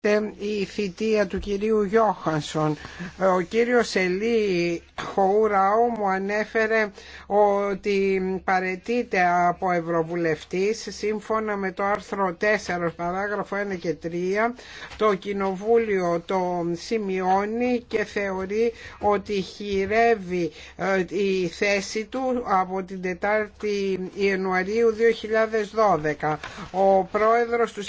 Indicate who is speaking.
Speaker 1: Ε, η θητεία του κυρίου Γιώχανσον. Ο κύριος Ελί Χοουραό μου ανέφερε ότι παρετείται από Ευρωβουλευτής σύμφωνα με το άρθρο 4 παράγραφο 1 και 3 το Κοινοβούλιο το σημειώνει και θεωρεί ότι χειρεύει ε, η θέση του από την 4η Ιανουαρίου 2012. Ο πρόεδρος του